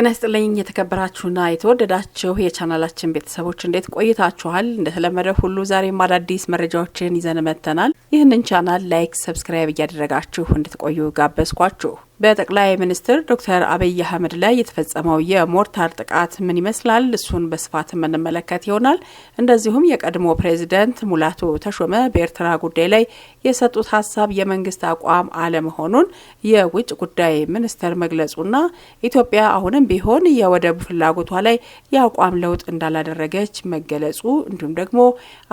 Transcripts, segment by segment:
ጤና ይስጥልኝ የተከበራችሁና የተወደዳችሁ የቻናላችን ቤተሰቦች እንዴት ቆይታችኋል? እንደተለመደ ሁሉ ዛሬም አዳዲስ መረጃዎችን ይዘን መጥተናል። ይህንን ቻናል ላይክ፣ ሰብስክራይብ እያደረጋችሁ እንድትቆዩ ጋበዝኳችሁ። በጠቅላይ ሚኒስትር ዶክተር አብይ አህመድ ላይ የተፈጸመው የሞርታር ጥቃት ምን ይመስላል? እሱን በስፋት የምንመለከት ይሆናል። እንደዚሁም የቀድሞ ፕሬዚደንት ሙላቱ ተሾመ በኤርትራ ጉዳይ ላይ የሰጡት ሀሳብ የመንግስት አቋም አለመሆኑን የውጭ ጉዳይ ሚኒስትር መግለጹና ኢትዮጵያ አሁንም ቢሆን የወደብ ፍላጎቷ ላይ የአቋም ለውጥ እንዳላደረገች መገለጹ እንዲሁም ደግሞ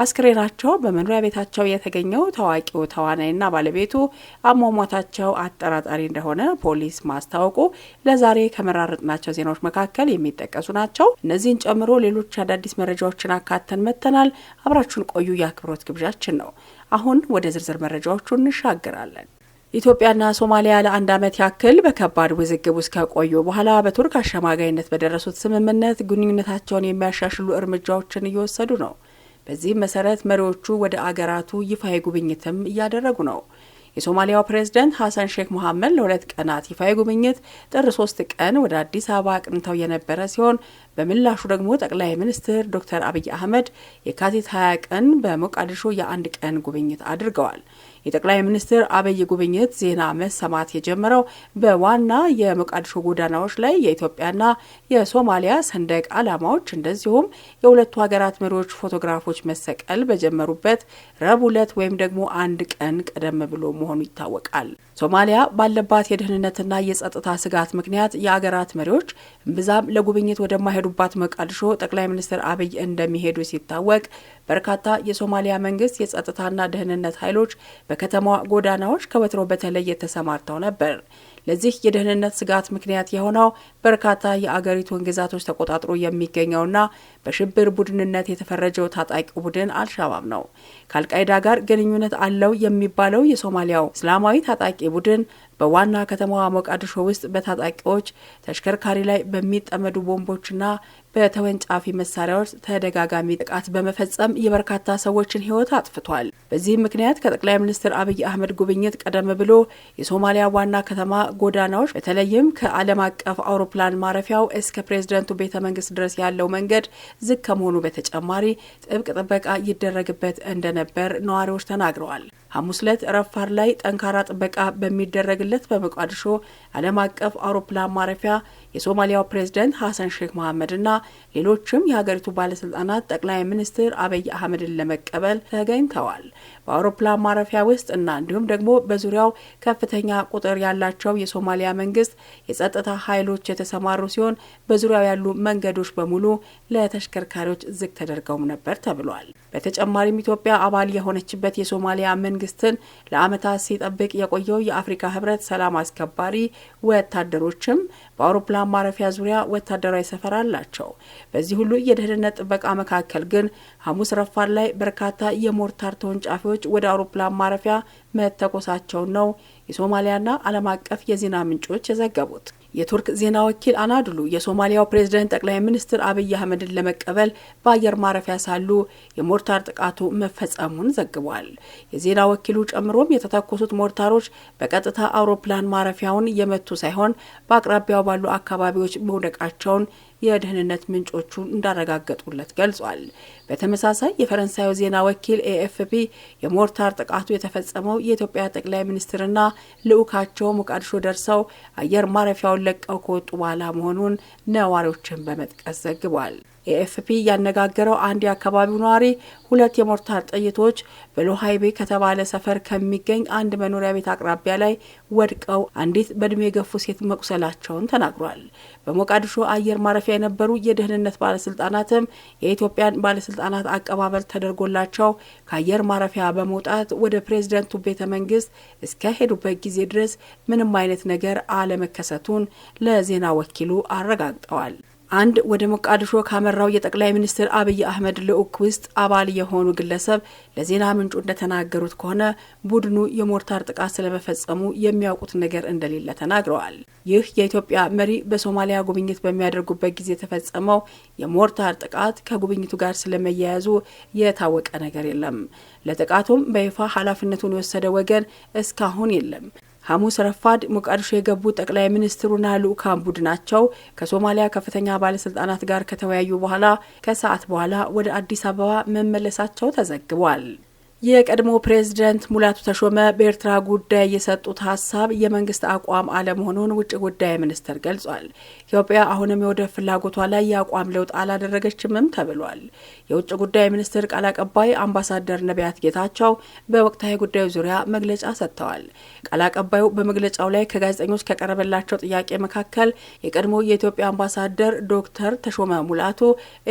አስክሬናቸው በመኖሪያ ቤታቸው የተገኘው ታዋቂው ተዋናይና ባለቤቱ አሟሟታቸው አጠራጣሪ እንደሆነ ፖሊስ ማስታወቁ ለዛሬ ከመራረጥናቸው ዜናዎች መካከል የሚጠቀሱ ናቸው። እነዚህን ጨምሮ ሌሎች አዳዲስ መረጃዎችን አካተን መጥተናል። አብራችሁን ቆዩ የአክብሮት ግብዣችን ነው። አሁን ወደ ዝርዝር መረጃዎቹ እንሻገራለን። ኢትዮጵያና ሶማሊያ ለአንድ ዓመት ያክል በከባድ ውዝግብ ውስጥ ከቆዩ በኋላ በቱርክ አሸማጋይነት በደረሱት ስምምነት ግንኙነታቸውን የሚያሻሽሉ እርምጃዎችን እየወሰዱ ነው። በዚህም መሰረት መሪዎቹ ወደ አገራቱ ይፋ ጉብኝትም እያደረጉ ነው። የሶማሊያው ፕሬዝደንት ሀሰን ሼክ መሐመድ ለሁለት ቀናት ይፋዊ ጉብኝት ጥር ሶስት ቀን ወደ አዲስ አበባ አቅንተው የነበረ ሲሆን በምላሹ ደግሞ ጠቅላይ ሚኒስትር ዶክተር አብይ አህመድ የካቲት 20 ቀን በሞቃዲሾ የአንድ ቀን ጉብኝት አድርገዋል። የጠቅላይ ሚኒስትር አብይ ጉብኝት ዜና መሰማት የጀመረው በዋና የሞቃዲሾ ጎዳናዎች ላይ የኢትዮጵያና የሶማሊያ ሰንደቅ ዓላማዎች እንደዚሁም የሁለቱ ሀገራት መሪዎች ፎቶግራፎች መሰቀል በጀመሩበት ረቡዕ ዕለት ወይም ደግሞ አንድ ቀን ቀደም ብሎ መሆኑ ይታወቃል። ሶማሊያ ባለባት የደህንነትና የጸጥታ ስጋት ምክንያት የአገራት መሪዎች እምብዛም ለጉብኝት ወደማይሄዱባት መቃድሾ ጠቅላይ ሚኒስትር አብይ እንደሚሄዱ ሲታወቅ በርካታ የሶማሊያ መንግስት የጸጥታና ደህንነት ኃይሎች በከተማዋ ጎዳናዎች ከወትሮ በተለይ ተሰማርተው ነበር። ለዚህ የደህንነት ስጋት ምክንያት የሆነው በርካታ የአገሪቱን ግዛቶች ተቆጣጥሮ የሚገኘውና በሽብር ቡድንነት የተፈረጀው ታጣቂ ቡድን አልሻባብ ነው። ከአልቃይዳ ጋር ግንኙነት አለው የሚባለው የሶማሊያው እስላማዊ ታጣቂ ቡድን በዋና ከተማዋ ሞቃዲሾ ውስጥ በታጣቂዎች ተሽከርካሪ ላይ በሚጠመዱ ቦምቦችና በተወንጫፊ መሳሪያዎች ተደጋጋሚ ጥቃት በመፈጸም የበርካታ ሰዎችን ሕይወት አጥፍቷል። በዚህም ምክንያት ከጠቅላይ ሚኒስትር አብይ አህመድ ጉብኝት ቀደም ብሎ የሶማሊያ ዋና ከተማ ጎዳናዎች በተለይም ከዓለም አቀፍ አውሮፕላን ማረፊያው እስከ ፕሬዝደንቱ ቤተ መንግስት ድረስ ያለው መንገድ ዝግ ከመሆኑ በተጨማሪ ጥብቅ ጥበቃ ይደረግበት እንደነበር ነዋሪዎች ተናግረዋል። ሐሙስ ዕለት ረፋር ላይ ጠንካራ ጥበቃ በሚደረግለት በሞቃዲሾ ዓለም አቀፍ አውሮፕላን ማረፊያ የሶማሊያው ፕሬዝደንት ሐሰን ሼክ መሐመድና ሌሎችም የሀገሪቱ ባለስልጣናት ጠቅላይ ሚኒስትር አብይ አህመድን ለመቀበል ተገኝተዋል። በአውሮፕላን ማረፊያ ውስጥ እና እንዲሁም ደግሞ በዙሪያው ከፍተኛ ቁጥር ያላቸው የሶማሊያ መንግስት የጸጥታ ኃይሎች የተሰማሩ ሲሆን በዙሪያው ያሉ መንገዶች በሙሉ ለተሽከርካሪዎች ዝግ ተደርገውም ነበር ተብሏል። በተጨማሪም ኢትዮጵያ አባል የሆነችበት የሶማሊያ መንግስትን ለአመታት ሲጠብቅ የቆየው የአፍሪካ ህብረት ሰላም አስከባሪ ወታደሮችም በአውሮፕላን ማረፊያ ዙሪያ ወታደራዊ ሰፈር አላቸው። በዚህ ሁሉ የደህንነት ጥበቃ መካከል ግን ሐሙስ ረፋድ ላይ በርካታ የሞርታር ተወንጫፊዎች ሚሳይሎች ወደ አውሮፕላን ማረፊያ መተኮሳቸውን ነው የሶማሊያና ዓለም አቀፍ የዜና ምንጮች የዘገቡት። የቱርክ ዜና ወኪል አናድሉ የሶማሊያው ፕሬዝደንት ጠቅላይ ሚኒስትር አብይ አህመድን ለመቀበል በአየር ማረፊያ ሳሉ የሞርታር ጥቃቱ መፈጸሙን ዘግቧል። የዜና ወኪሉ ጨምሮም የተተኮሱት ሞርታሮች በቀጥታ አውሮፕላን ማረፊያውን የመቱ ሳይሆን በአቅራቢያው ባሉ አካባቢዎች መውደቃቸውን የደህንነት ምንጮቹ እንዳረጋገጡለት ገልጿል። በተመሳሳይ የፈረንሳዩ ዜና ወኪል ኤኤፍፒ የሞርታር ጥቃቱ የተፈጸመው የኢትዮጵያ ጠቅላይ ሚኒስትርና ልዑካቸው ሞቃዲሾ ደርሰው አየር ማረፊያውን ለቀው ከወጡ በኋላ መሆኑን ነዋሪዎችን በመጥቀስ ዘግቧል። ኤኤፍፒ ያነጋገረው አንድ የአካባቢው ነዋሪ ሁለት የሞርታር ጥይቶች በሎሃይቤ ከተባለ ሰፈር ከሚገኝ አንድ መኖሪያ ቤት አቅራቢያ ላይ ወድቀው አንዲት በእድሜ የገፉ ሴት መቁሰላቸውን ተናግሯል። በሞቃዲሾ አየር ማረፊያ የነበሩ የደህንነት ባለስልጣናትም የኢትዮጵያን ባለስልጣናት አቀባበል ተደርጎላቸው ከአየር ማረፊያ በመውጣት ወደ ፕሬዝደንቱ ቤተ መንግስት እስከሄዱበት ጊዜ ድረስ ምንም አይነት ነገር አለመከሰቱን ለዜና ወኪሉ አረጋግጠዋል። አንድ ወደ ሞቃዲሾ ካመራው የጠቅላይ ሚኒስትር አብይ አህመድ ልዑክ ውስጥ አባል የሆኑ ግለሰብ ለዜና ምንጩ እንደተናገሩት ከሆነ ቡድኑ የሞርታር ጥቃት ስለመፈጸሙ የሚያውቁት ነገር እንደሌለ ተናግረዋል። ይህ የኢትዮጵያ መሪ በሶማሊያ ጉብኝት በሚያደርጉበት ጊዜ የተፈጸመው የሞርታር ጥቃት ከጉብኝቱ ጋር ስለመያያዙ የታወቀ ነገር የለም። ለጥቃቱም በይፋ ኃላፊነቱን የወሰደ ወገን እስካሁን የለም። ሐሙስ ረፋድ ሞቃዲሾ የገቡት ጠቅላይ ሚኒስትሩና ልዑካን ቡድናቸው ከሶማሊያ ከፍተኛ ባለስልጣናት ጋር ከተወያዩ በኋላ ከሰዓት በኋላ ወደ አዲስ አበባ መመለሳቸው ተዘግቧል። የቀድሞ ፕሬዝደንት ሙላቱ ተሾመ በኤርትራ ጉዳይ የሰጡት ሀሳብ የመንግስት አቋም አለመሆኑን ውጭ ጉዳይ ሚኒስትር ገልጿል። ኢትዮጵያ አሁንም የወደብ ፍላጎቷ ላይ የአቋም ለውጥ አላደረገችምም ተብሏል። የውጭ ጉዳይ ሚኒስትር ቃል አቀባይ አምባሳደር ነቢያት ጌታቸው በወቅታዊ ጉዳዩ ዙሪያ መግለጫ ሰጥተዋል። ቃል አቀባዩ በመግለጫው ላይ ከጋዜጠኞች ከቀረበላቸው ጥያቄ መካከል የቀድሞ የኢትዮጵያ አምባሳደር ዶክተር ተሾመ ሙላቱ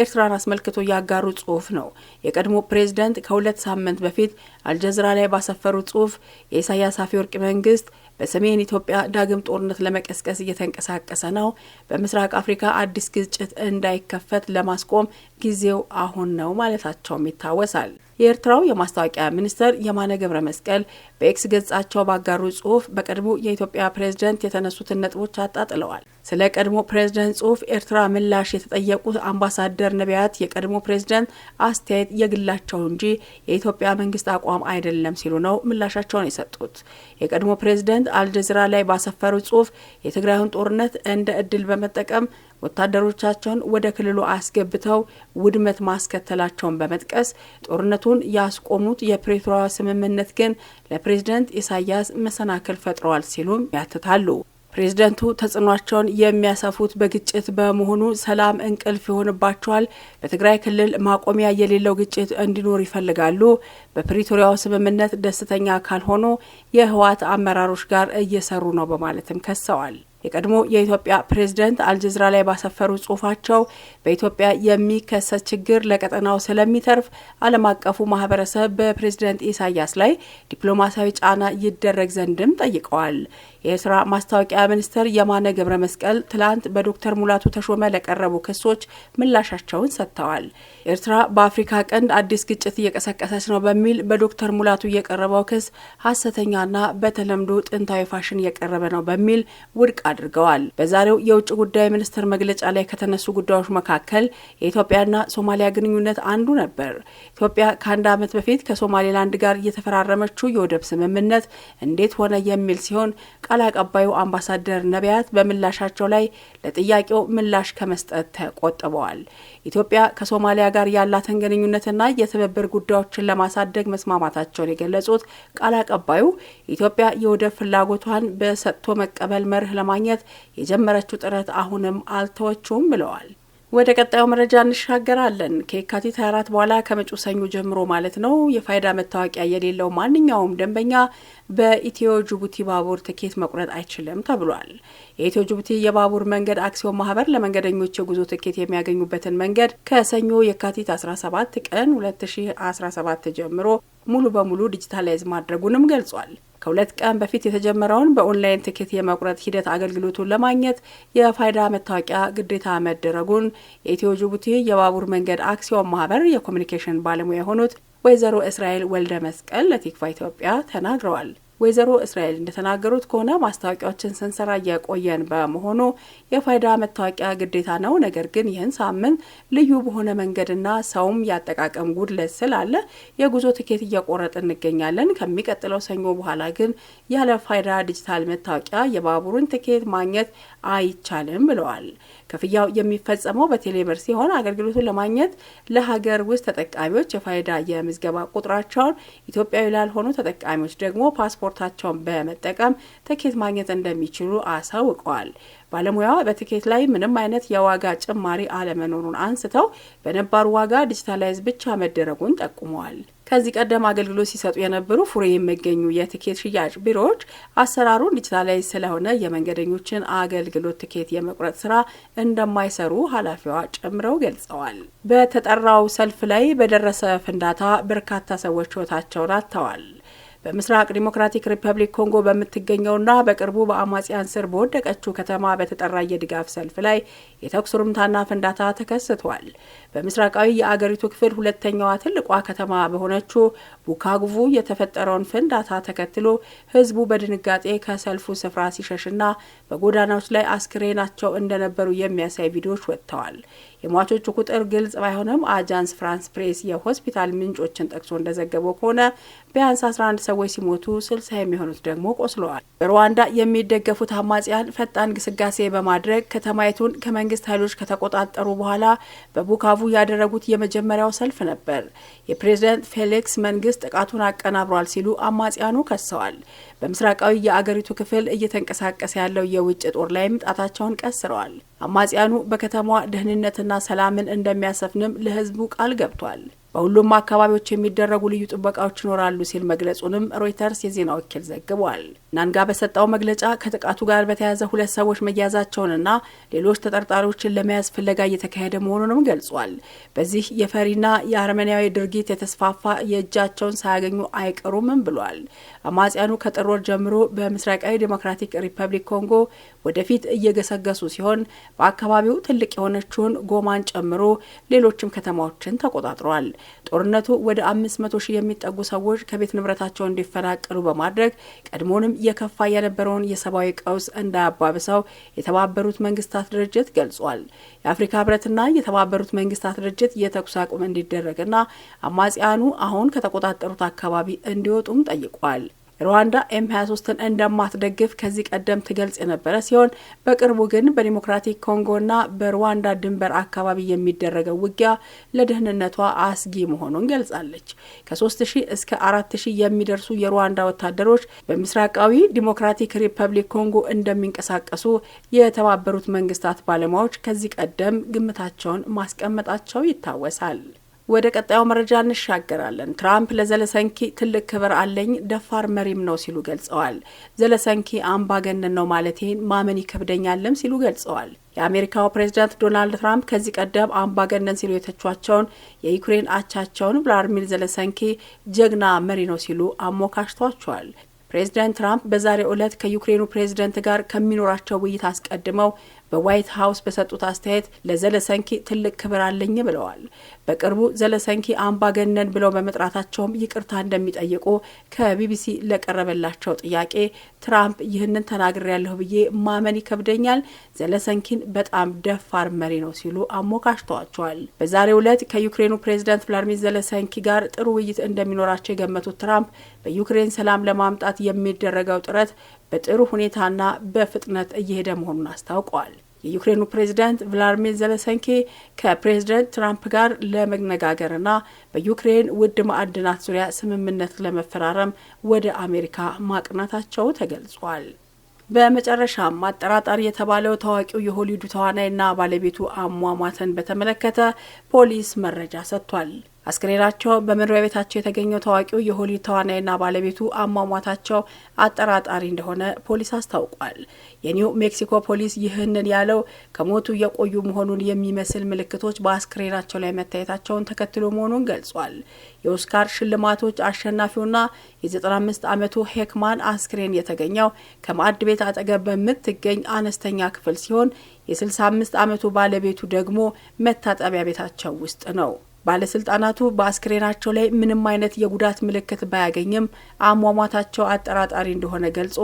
ኤርትራን አስመልክቶ ያጋሩ ጽሁፍ ነው። የቀድሞ ፕሬዝደንት ከሁለት ሳምንት በፊት በፊት አልጀዝራ ላይ ባሰፈሩ ጽሁፍ የኢሳያስ አፈወርቂ መንግስት በሰሜን ኢትዮጵያ ዳግም ጦርነት ለመቀስቀስ እየተንቀሳቀሰ ነው። በምስራቅ አፍሪካ አዲስ ግጭት እንዳይከፈት ለማስቆም ጊዜው አሁን ነው ማለታቸውም ይታወሳል። የኤርትራው የማስታወቂያ ሚኒስትር የማነ ገብረ መስቀል በኤክስ ገጻቸው ባጋሩ ጽሁፍ በቀድሞ የኢትዮጵያ ፕሬዝደንት የተነሱትን ነጥቦች አጣጥለዋል። ስለ ቀድሞ ፕሬዝደንት ጽሁፍ ኤርትራ ምላሽ የተጠየቁት አምባሳደር ነቢያት የቀድሞ ፕሬዝደንት አስተያየት የግላቸው እንጂ የኢትዮጵያ መንግስት አቋም አይደለም ሲሉ ነው ምላሻቸውን የሰጡት። የቀድሞ ፕሬዝደንት ሳምንት አልጀዚራ ላይ ባሰፈሩ ጽሁፍ የትግራዩን ጦርነት እንደ እድል በመጠቀም ወታደሮቻቸውን ወደ ክልሉ አስገብተው ውድመት ማስከተላቸውን በመጥቀስ ጦርነቱን ያስቆሙት የፕሪቶሪያ ስምምነት ግን ለፕሬዝደንት ኢሳያስ መሰናክል ፈጥረዋል ሲሉም ያትታሉ። ፕሬዝደንቱ ተጽዕኗቸውን የሚያሰፉት በግጭት በመሆኑ ሰላም እንቅልፍ ይሆንባቸዋል። በትግራይ ክልል ማቆሚያ የሌለው ግጭት እንዲኖር ይፈልጋሉ። በፕሪቶሪያው ስምምነት ደስተኛ ካልሆኑ የህወሓት አመራሮች ጋር እየሰሩ ነው በማለትም ከሰዋል። የቀድሞ የኢትዮጵያ ፕሬዝደንት አልጀዝራ ላይ ባሰፈሩ ጽሁፋቸው በኢትዮጵያ የሚከሰት ችግር ለቀጠናው ስለሚተርፍ ዓለም አቀፉ ማህበረሰብ በፕሬዝደንት ኢሳያስ ላይ ዲፕሎማሲያዊ ጫና ይደረግ ዘንድም ጠይቀዋል። የኤርትራ ማስታወቂያ ሚኒስትር የማነ ገብረ መስቀል ትላንት በዶክተር ሙላቱ ተሾመ ለቀረቡ ክሶች ምላሻቸውን ሰጥተዋል። ኤርትራ በአፍሪካ ቀንድ አዲስ ግጭት እየቀሰቀሰች ነው በሚል በዶክተር ሙላቱ የቀረበው ክስ ሀሰተኛና በተለምዶ ጥንታዊ ፋሽን የቀረበ ነው በሚል ውድቅ አድርገዋል። በዛሬው የውጭ ጉዳይ ሚኒስትር መግለጫ ላይ ከተነሱ ጉዳዮች መካከል የኢትዮጵያና ሶማሊያ ግንኙነት አንዱ ነበር። ኢትዮጵያ ከአንድ ዓመት በፊት ከሶማሌላንድ ጋር እየተፈራረመችው የወደብ ስምምነት እንዴት ሆነ የሚል ሲሆን ቃል አቀባዩ አምባሳደር ነቢያት በምላሻቸው ላይ ለጥያቄው ምላሽ ከመስጠት ተቆጥበዋል። ኢትዮጵያ ከሶማሊያ ጋር ያላትን ግንኙነትና የትብብር ጉዳዮችን ለማሳደግ መስማማታቸውን የገለጹት ቃል አቀባዩ ኢትዮጵያ የወደብ ፍላጎቷን በሰጥቶ መቀበል መርህ ለማግኘት ለማግኘት የጀመረችው ጥረት አሁንም አልተወችውም ብለዋል። ወደ ቀጣዩ መረጃ እንሻገራለን። ከየካቲት 24 በኋላ ከመጪው ሰኞ ጀምሮ ማለት ነው የፋይዳ መታወቂያ የሌለው ማንኛውም ደንበኛ በኢትዮ ጅቡቲ ባቡር ትኬት መቁረጥ አይችልም ተብሏል። የኢትዮ ጅቡቲ የባቡር መንገድ አክሲዮን ማህበር ለመንገደኞች የጉዞ ትኬት የሚያገኙበትን መንገድ ከሰኞ የካቲት 17 ቀን 2017 ጀምሮ ሙሉ በሙሉ ዲጂታላይዝ ማድረጉንም ገልጿል። ከሁለት ቀን በፊት የተጀመረውን በኦንላይን ትኬት የመቁረጥ ሂደት አገልግሎቱን ለማግኘት የፋይዳ መታወቂያ ግዴታ መደረጉን የኢትዮ ጅቡቲ የባቡር መንገድ አክሲዮን ማህበር የኮሚኒኬሽን ባለሙያ የሆኑት ወይዘሮ እስራኤል ወልደ መስቀል ለቲክፋ ኢትዮጵያ ተናግረዋል። ወይዘሮ እስራኤል እንደተናገሩት ከሆነ ማስታወቂያዎችን ስንሰራ እየቆየን በመሆኑ የፋይዳ መታወቂያ ግዴታ ነው። ነገር ግን ይህን ሳምንት ልዩ በሆነ መንገድና ሰውም ያጠቃቀም ጉድለት ስላለ የጉዞ ትኬት እየቆረጥ እንገኛለን። ከሚቀጥለው ሰኞ በኋላ ግን ያለ ፋይዳ ዲጂታል መታወቂያ የባቡሩን ትኬት ማግኘት አይቻልም ብለዋል። ክፍያው የሚፈጸመው በቴሌብር ሲሆን አገልግሎቱን ለማግኘት ለሀገር ውስጥ ተጠቃሚዎች የፋይዳ የምዝገባ ቁጥራቸውን ኢትዮጵያዊ ላልሆኑ ተጠቃሚዎች ደግሞ ፓስፖርታቸውን በመጠቀም ትኬት ማግኘት እንደሚችሉ አሳውቀዋል። ባለሙያዋ በትኬት ላይ ምንም አይነት የዋጋ ጭማሪ አለመኖሩን አንስተው በነባሩ ዋጋ ዲጂታላይዝ ብቻ መደረጉን ጠቁመዋል። ከዚህ ቀደም አገልግሎት ሲሰጡ የነበሩ ፉሬ የሚገኙ የትኬት ሽያጭ ቢሮዎች አሰራሩ ዲጂታላዊ ስለሆነ የመንገደኞችን አገልግሎት ትኬት የመቁረጥ ስራ እንደማይሰሩ ኃላፊዋ ጨምረው ገልጸዋል። በተጠራው ሰልፍ ላይ በደረሰ ፍንዳታ በርካታ ሰዎች ሕይወታቸውን አጥተዋል። በምስራቅ ዲሞክራቲክ ሪፐብሊክ ኮንጎ በምትገኘውና በቅርቡ በአማጽያን ስር በወደቀችው ከተማ በተጠራ የድጋፍ ሰልፍ ላይ የተኩስ ሩምታና ፍንዳታ ተከስቷል። በምስራቃዊ የአገሪቱ ክፍል ሁለተኛዋ ትልቋ ከተማ በሆነችው ቡካጉቡ የተፈጠረውን ፍንዳታ ተከትሎ ህዝቡ በድንጋጤ ከሰልፉ ስፍራ ሲሸሽና በጎዳናዎች ላይ አስክሬናቸው እንደነበሩ የሚያሳይ ቪዲዮዎች ወጥተዋል። የሟቾቹ ቁጥር ግልጽ ባይሆንም አጃንስ ፍራንስ ፕሬስ የሆስፒታል ምንጮችን ጠቅሶ እንደዘገበው ከሆነ ቢያንስ 11 ሰዎች ሲሞቱ 60 የሚሆኑት ደግሞ ቆስለዋል። በሩዋንዳ የሚደገፉት አማጽያን ፈጣን ግስጋሴ በማድረግ ከተማይቱን ከመንግስት ኃይሎች ከተቆጣጠሩ በኋላ በቡካቡ ያደረጉት የመጀመሪያው ሰልፍ ነበር። የፕሬዝደንት ፌሊክስ መንግስት ጥቃቱን አቀናብሯል ሲሉ አማጽያኑ ከሰዋል። በምስራቃዊ የአገሪቱ ክፍል እየተንቀሳቀሰ ያለው የውጭ ጦር ላይም ጣታቸውን ቀስረዋል። አማጽያኑ በከተማዋ ደህንነትና ሰላምን እንደሚያሰፍንም ለህዝቡ ቃል ገብቷል። በሁሉም አካባቢዎች የሚደረጉ ልዩ ጥበቃዎች ይኖራሉ ሲል መግለጹንም ሮይተርስ የዜና ወኪል ዘግቧል። ናንጋ በሰጠው መግለጫ ከጥቃቱ ጋር በተያያዘ ሁለት ሰዎች መያዛቸውንና ሌሎች ተጠርጣሪዎችን ለመያዝ ፍለጋ እየተካሄደ መሆኑንም ገልጿል። በዚህ የፈሪና የአርመንያዊ ድርጊት የተስፋፋ የእጃቸውን ሳያገኙ አይቀሩምም ብሏል። አማጽያኑ ከጥር ወር ጀምሮ በምስራቃዊ ዴሞክራቲክ ሪፐብሊክ ኮንጎ ወደፊት እየገሰገሱ ሲሆን በአካባቢው ትልቅ የሆነችውን ጎማን ጨምሮ ሌሎችም ከተማዎችን ተቆጣጥሯል። ጦርነቱ ወደ አምስት መቶ ሺህ የሚጠጉ ሰዎች ከቤት ንብረታቸው እንዲፈናቀሉ በማድረግ ቀድሞንም የከፋ የነበረውን የሰብአዊ ቀውስ እንዳያባብሰው የተባበሩት መንግስታት ድርጅት ገልጿል። የአፍሪካ ህብረትና የተባበሩት መንግስታት ድርጅት የተኩስ አቁም እንዲደረግና አማጽያኑ አሁን ከተቆጣጠሩት አካባቢ እንዲወጡም ጠይቋል። ሩዋንዳ ኤም 23ን እንደማትደግፍ ከዚህ ቀደም ትገልጽ የነበረ ሲሆን በቅርቡ ግን በዲሞክራቲክ ኮንጎና በሩዋንዳ ድንበር አካባቢ የሚደረገው ውጊያ ለደህንነቷ አስጊ መሆኑን ገልጻለች። ከ3000 እስከ 4000 የሚደርሱ የሩዋንዳ ወታደሮች በምስራቃዊ ዲሞክራቲክ ሪፐብሊክ ኮንጎ እንደሚንቀሳቀሱ የተባበሩት መንግስታት ባለሙያዎች ከዚህ ቀደም ግምታቸውን ማስቀመጣቸው ይታወሳል። ወደ ቀጣዩ መረጃ እንሻገራለን። ትራምፕ ለዘለሰንኪ ትልቅ ክብር አለኝ፣ ደፋር መሪም ነው ሲሉ ገልጸዋል። ዘለሰንኪ አምባገነን ነው ማለቴን ማመን ይከብደኛልም ሲሉ ገልጸዋል። የአሜሪካው ፕሬዚዳንት ዶናልድ ትራምፕ ከዚህ ቀደም አምባገነን ሲሉ የተቿቸውን የዩክሬን አቻቸውን ቭላድሚር ዘለሰንኪ ጀግና መሪ ነው ሲሉ አሞካሽቷቸዋል። ፕሬዚዳንት ትራምፕ በዛሬው ዕለት ከዩክሬኑ ፕሬዚደንት ጋር ከሚኖራቸው ውይይት አስቀድመው በዋይት ሀውስ በሰጡት አስተያየት ለዘለሰንኪ ትልቅ ክብር አለኝ ብለዋል። በቅርቡ ዘለሰንኪ አምባገነን ብለው በመጥራታቸውም ይቅርታ እንደሚጠይቁ ከቢቢሲ ለቀረበላቸው ጥያቄ ትራምፕ ይህንን ተናግሬያለሁ ብዬ ማመን ይከብደኛል፣ ዘለሰንኪን በጣም ደፋር መሪ ነው ሲሉ አሞካሽተዋቸዋል። በዛሬው ዕለት ከዩክሬኑ ፕሬዚደንት ቭላድሚር ዘለሰንኪ ጋር ጥሩ ውይይት እንደሚኖራቸው የገመቱት ትራምፕ በዩክሬን ሰላም ለማምጣት የሚደረገው ጥረት በጥሩ ሁኔታና በፍጥነት እየሄደ መሆኑን አስታውቀዋል። የዩክሬኑ ፕሬዚዳንት ቭላድሚር ዘለሰንኬ ከፕሬዚዳንት ትራምፕ ጋር ለመነጋገርና በዩክሬን ውድ ማዕድናት ዙሪያ ስምምነት ለመፈራረም ወደ አሜሪካ ማቅናታቸው ተገልጿል። በመጨረሻም አጠራጣሪ የተባለው ታዋቂው የሆሊውዱ ተዋናይና ባለቤቱ አሟሟተን በተመለከተ ፖሊስ መረጃ ሰጥቷል። አስክሬናቸው በመኖሪያ ቤታቸው የተገኘው ታዋቂው የሆሊውድ ተዋናይና ባለቤቱ አሟሟታቸው አጠራጣሪ እንደሆነ ፖሊስ አስታውቋል። የኒው ሜክሲኮ ፖሊስ ይህንን ያለው ከሞቱ የቆዩ መሆኑን የሚመስል ምልክቶች በአስክሬናቸው ላይ መታየታቸውን ተከትሎ መሆኑን ገልጿል። የኦስካር ሽልማቶች አሸናፊውና የ95 ዓመቱ ሄክማን አስክሬን የተገኘው ከማዕድ ቤት አጠገብ በምትገኝ አነስተኛ ክፍል ሲሆን የ65 ዓመቱ ባለቤቱ ደግሞ መታጠቢያ ቤታቸው ውስጥ ነው። ባለስልጣናቱ በአስክሬናቸው ላይ ምንም አይነት የጉዳት ምልክት ባያገኝም አሟሟታቸው አጠራጣሪ እንደሆነ ገልጾ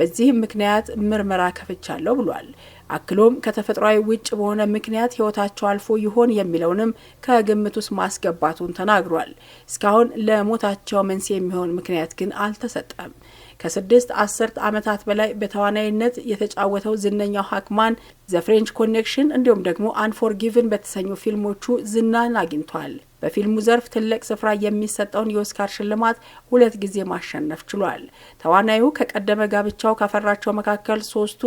በዚህም ምክንያት ምርመራ ከፍቻለሁ ብሏል። አክሎም ከተፈጥሯዊ ውጭ በሆነ ምክንያት ሕይወታቸው አልፎ ይሆን የሚለውንም ከግምት ውስጥ ማስገባቱን ተናግሯል። እስካሁን ለሞታቸው መንስኤ የሚሆን ምክንያት ግን አልተሰጠም። ከስድስት አስርት ዓመታት በላይ በተዋናይነት የተጫወተው ዝነኛው ሀክማን ዘፍሬንች ኮኔክሽን እንዲሁም ደግሞ አንፎርጊቭን በተሰኙ ፊልሞቹ ዝናን አግኝቷል። በፊልሙ ዘርፍ ትልቅ ስፍራ የሚሰጠውን የኦስካር ሽልማት ሁለት ጊዜ ማሸነፍ ችሏል። ተዋናዩ ከቀደመ ጋብቻው ካፈራቸው መካከል ሶስቱ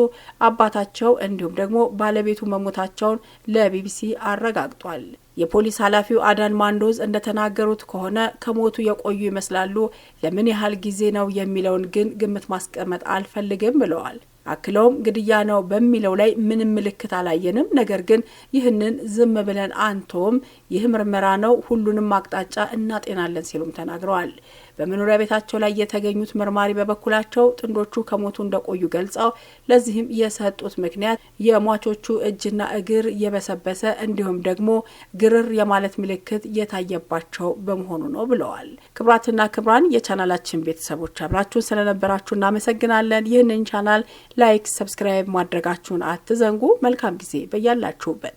አባታቸው እንዲሁም ደግሞ ባለቤቱ መሞታቸውን ለቢቢሲ አረጋግጧል። የፖሊስ ኃላፊው አዳን ማንዶዝ እንደተናገሩት ከሆነ ከሞቱ የቆዩ ይመስላሉ። ለምን ያህል ጊዜ ነው የሚለውን ግን ግምት ማስቀመጥ አልፈልግም ብለዋል። አክለውም ግድያ ነው በሚለው ላይ ምንም ምልክት አላየንም፣ ነገር ግን ይህንን ዝም ብለን አንተውም። ይህ ምርመራ ነው፣ ሁሉንም አቅጣጫ እናጤናለን ሲሉም ተናግረዋል። በመኖሪያ ቤታቸው ላይ የተገኙት መርማሪ በበኩላቸው ጥንዶቹ ከሞቱ እንደቆዩ ገልጸው ለዚህም የሰጡት ምክንያት የሟቾቹ እጅና እግር የበሰበሰ እንዲሁም ደግሞ ግርር የማለት ምልክት የታየባቸው በመሆኑ ነው ብለዋል። ክብራትና ክብራን የቻናላችን ቤተሰቦች አብራችሁን ስለነበራችሁ እናመሰግናለን። ይህንን ቻናል ላይክ፣ ሰብስክራይብ ማድረጋችሁን አትዘንጉ። መልካም ጊዜ በያላችሁበት